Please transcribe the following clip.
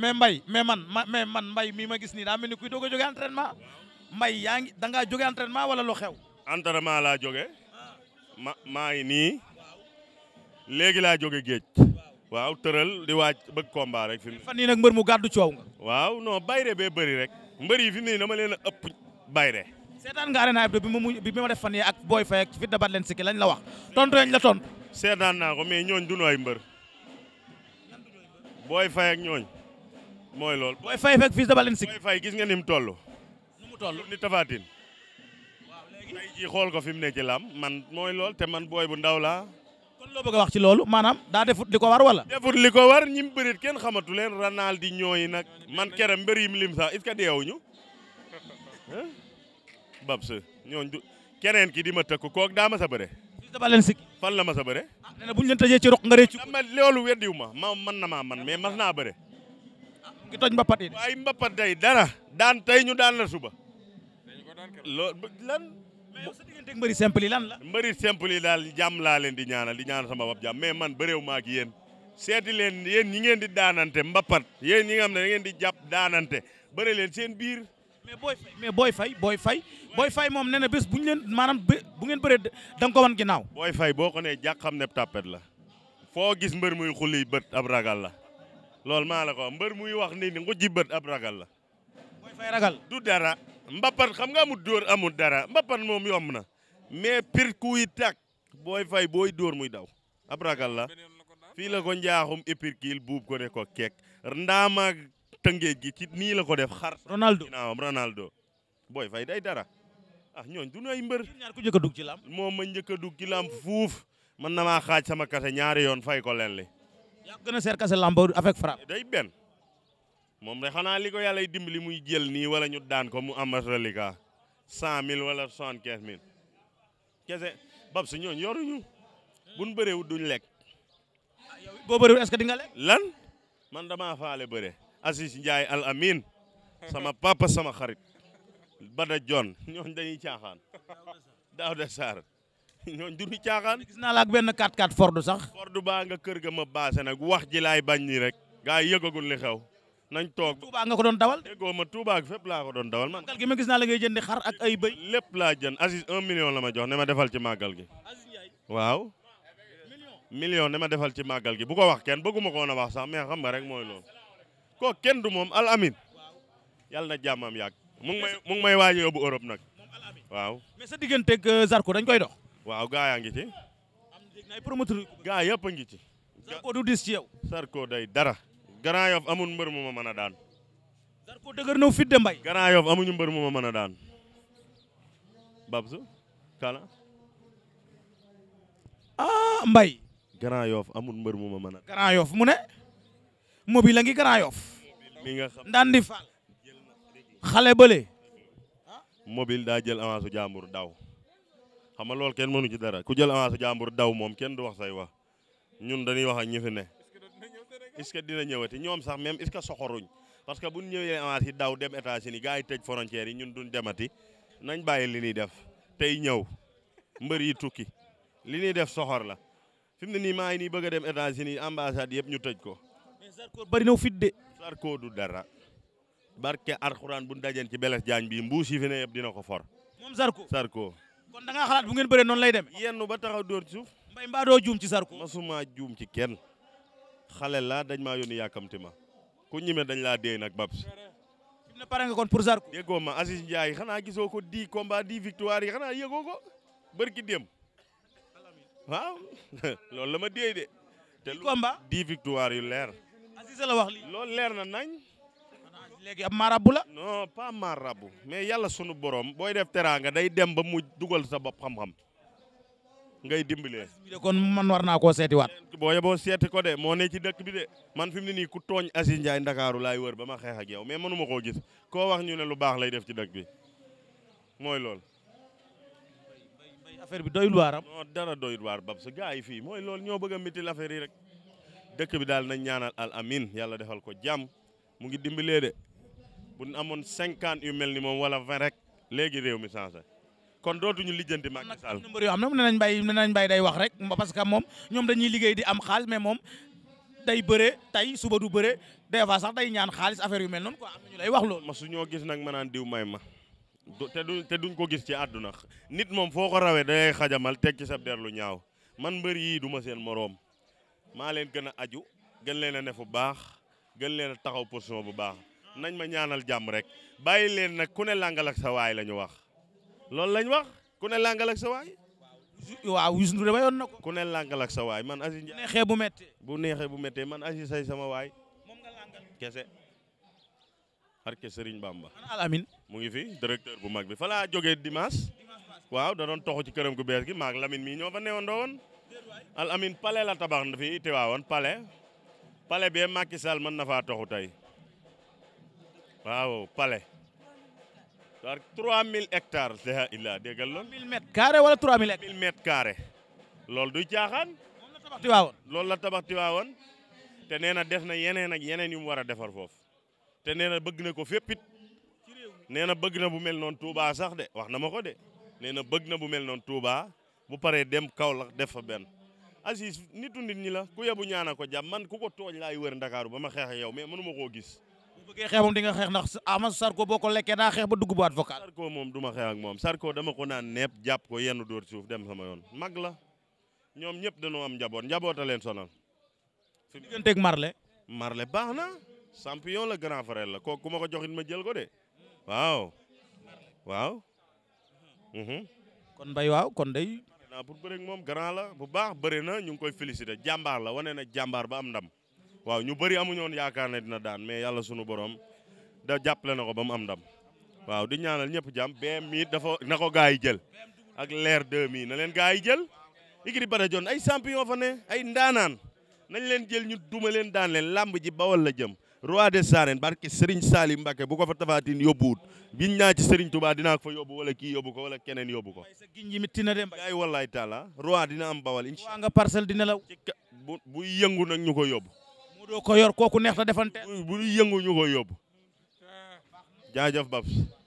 mais mbay mais man ma mais man mbay mii ma gis nii daa mel ni kuy doog a jóge entraînement mbay yaa ngi da ngaa jóge entraînement wala lu xew entraînement laa jóge ma maa ngi nii léegi laa jóge géej waaw tëral di waaj bëgg combat rek fi mu fan nag mbër mu gàddu coow nga waaw non bayre bee bëri rek mbër yi fi mu ne dama leen a ëpp bayre seetaan nga arena hebdo bi ma bi ma def fan yii ak booy fay ak fit dabat leen sikki lañ la wax tontu lañ la tontu seetaan naa ko mais ñooñ duñu ay mbër booy fay mooy lool booy fay fekk fils de gis nga ni mu toll. toll ni tafaatin. waaw xool ko fi mu ne ci lam man mooy lool te man booy bu ndaw laa. kon loo bëgg wax ci loolu maanaam daa defut li ko war wala. defut li ko war ñi mu bërit kenn xamatu leen ranaal di ñooy nag man kera mbër yi mu lim sax est-ce que deewuñu. bab sa ñooñu du keneen ki di ma tëkk kook daa ma sa bëre. fils de Balla Sik la ma sa bëre. ah na bu ñu leen tëjee ci roq nga réccu. loolu weddiwu ma ma mën na man mais mas naa bëre ki toj mbapat yi de. waaye mbapat day dara. daan tey ñu daan la suba. loo lan. mais yow sa diggante mbëri lan la. mbëri simple yi daal jàmm laa leen di ñaanal di ñaanal sama bopp jàmm mais man bëréew maak ak yéen. seeti leen yéen ñi ngeen di daanante mbapat yéen ñi nga xam ne da ngeen di jàpp daanante bëri leen seen biir. mais booy fay booy fay booy fay moom nee na bés bu ñu leen maanaam bu ngeen bëree da nga ko wan booy fay boo ko nee jàq xam ne tàppet la foo gis mbër muy xulli bët ab ragal la loolu maa la ko wax mbër muy wax ni ni nga jibbat ab ragal la. mooy du dara. mbapat xam nga amul dóor amul dara mbapat moom yomb na mais pir kuy tàkk booy fay booy dóor muy daw ab ragal la fii la ko njaaxum épirkil buub ko ne ko keek ndaama tëngéej gi ci nii la ko def xar. Ronaldo ginnaawam booy fay day dara ah ñooñ du ay mbër. ñaar ku njëkk a dugg ci lamb moom ma njëkk a dugg ci lamb fuuf man na maa xaaj sama kase ñaari yoon fay ko leen li yaa gën a seer kase lambo avec frappe. day benn moom de xanaa li ko yàlla dimbali muy jël nii wala ñu daan ko mu am reliquat cent mille wala soixante quinze kese bab si ñooñu yoruñu buñ bëreewut duñ lekk. boo bëreewut est-ce que di nga lan man damaa faale bëre. Aziz Ndiaye al amin sama papa sama xarit. Bada jon ñooñu dañuy caaxaan. Daouda ñooñ du caaxaan. gis naa la ak benn 4-4 Ford sax. Ford baa nga kër ga ma baase nag wax ji laay bañ nii rek. gaa yi yëgagul li xew. nañ toog Touba nga ko doon dawal. déggoo ma Touba ak laa ko doon dawal man. màggal gi ma gis naa la ngay jëndi xar ak ay bëy. lépp laa jënd Aziz un million la ma jox ne ma defal ci màggal gi. waaw. million ne ma defal ci màggal gi bu ko wax kenn bëgguma ko woon a wax sax mais xam nga rek mooy loolu. kooku kenn du moom al amin. yàlla na jàmmam yàgg. mu ngi may mu ngi may Europe nag. waaw. mais sa digganteeg euh, Zarko dañ koy dox. waaw gaa yaa ngi ci. a ngi ci. Zarko du dis ci yow. Zarko day dara. Grand Yoff amul mbër mu ma mën a daan. Zarko dëgër na fit de mbay. Grand Yoff amuñu mbër mu ma mën a daan. Babsu Kala. ah mbay. Grand Yoff amul mbër mu ma mën a. Grand Yoff mu ne. mobile la ngi Grand Ndandi Fall. xale bële. mobile daa jël avance su daw. xam nga loolu kenn mënu ci dara ku jël avance jàmbur daw moom kenn du wax say wax ñun dañuy wax ak ñi fi ne est-ce ñoom sax même est-ce que soxoruñ parce que buñ ñëwee avance yi daw dem États-Unis gars yi tëj frontières yi ñun duñ demati nañ bàyyi li ñuy def tey ñëw mbër yi tukki li ñuy def soxor la fi mu ne nii maa ngi nii bëgg a dem États-Unis ambassade yëpp ñu tëj ko. mais Sarko bari na fit de. Sarko du dara barke alxuraan bu ñu dajeen ci Blaise Diagne bi mbuus yi fi yëpp dina ko for. moom Sarko kon da ngaa bu ngeen bëree noon lay demee. yenn ba taxaw dóor ci suuf. mbay mbaa doo juum ci Zarko. masuma juum ci kenn xale laa dañ maa yónni yàkkamti ma ku ñime dañ laa dee nag Babs. fi kon pour Zarko. déggoo ma Aziz Ndiaye xanaa gisoo ko dix combats dix victoire yi xanaa yëgoo ko bërki démb waaw loolu la ma dee de. te lu dix victoire yu leer. lool leer na nañ. léegi ab marabu la. non pas marabu mais yàlla sunu borom booy def teraanga day dem ba mu dugal sa bopp xam-xam ngay dimbalee. kon man war naa koo seetiwaat. boo yeboo seeti ko de moo ne ci dëkk bi de man fi mu ne nii ku tooñ Aziz Ndakaaru laay wër ba ma xeex ak yow mais mënu ma koo gis koo wax ñu ne lu baax lay def ci dëkk bi mooy lool affaire bi doyul waaram. dara doyul waar bab sa gars yi fii mooy loolu ñoo bëgg a mitil affaire yi rek dëkk bi daal na ñaanal al amin yàlla defal ko jàmm mu ngi dimbalee de bu nu amoon cinquante yu mel ni moom wala vingt rek léegi réew mi changé kon dootuñu lijjanti Macky Sall. mbër yoo am na nee nañ bàyyi nee nañ bàyyi day wax rek parce que moom ñoom dañuy liggéey di am xaal mais moom day bëre tay suba du bëree des fois sax day ñaan xaalis affaire yu mel noonu quoi am na ñu lay wax lool ma su ñoo gis nag ma naan diw may ma te duñ te duñ ko gis ci àdduna nit moom foo ko rawee day xajamal teg ci sa der lu ñaaw man mbër yii duma seen moroom maa leen gën a aju gën leen a ne fu baax gën leen taxaw position bu baax. nañ ma ñaanal jàmm rek bàyyi leen nag ku ne làngal ak sa waay la wax loolu lañ wax ku ne sa waay. ko. ku ne làngal ak sa man. Aziz bu neexee bu méttee. bu neexee bu méttee man Aziz say sama waay. moom nga kese. barke Serigne Bamba. alamin mu ngi fi directeur bu mag bi fa laa jógee dimanche. waaw da doon toxu ci këram gu bees gi maag Lamine mii ñoo fa newandoo woon. al amin palais la tabax na fi teewaawoon palais. palais bee Macky Sall mën na toxu tey. waaw palais. 3000 hectares. la illaa déggal lool. 1000 mètres carrés wala 3000 hectares. 1000 mètres carrés. loolu du caaxaan. loolu la tabax Tiwaawoon. loolu la tabax Tiwaawoon. te nee na def na yeneen ak yeneen yu mu war a defar foofu. te nee na bëgg na ko fépp it. nee na bëgg na bu mel noon Touba sax de wax na ma ko de. nee na bëgg na bu mel noon Touba bu paree dem Kaolack def fa ben Aziz nitu nit ñi la ku yebu ñaana ko jàmm man ku ko tooñ laay wër Ndakaaru ba ma xeex yow mais mënu ma koo gis. bëggee xeex di nga xeex ndax Ama Sarko boo ko lekkee daa xeex ba dugg bu avocat. Sarko moom du ma ak moom Sarko dama ko naan nepp jàpp ko yenn dóor suuf dem sama yoon mag la ñoom ñëpp dañoo am njaboot njaboota leen sonal. fi digganteeg Marley. Marley baax na champion la grand frère la ko ku ma ko joxit ma jël ko de waaw. waaw. Mhm. kon bay waaw kon day. naa pour bëreeg moom grand la bu baax bëri na ñu ngi koy féliciter jàmbaar la wane na jàmbaar ba am ndam. waaw ñu bëri amuñu woon yaakaar ne dina daan mais yàlla sunu borom da jàppale na ko ba mu am ndam waaw di ñaanal ñëpp jàmm BM mi dafa na ko gaa yi jël ak leer 2 mi na leen gaa yi jël. Ikri Bada Jon ay champion fa ne ay ndaanaan nañ leen jël ñu duma leen daan leen lamb ji bawal la jëm. roi de arènes barke Serigne Salim Mbacke bu ko fa tafaatin yóbbuwut biñ naa ci Serigne Touba dinaa ko fa yóbbu wala kii yóbbu ko wala keneen yóbbu ko. ay wallaay taala roi dina am bawal incha allah nga parcelle dina la. bu yëngu nag ñu ko yóbbu. doo ko yor kooku neex ta defante. bu ñu yëngu ñu koy yóbbu jaajëf Babs.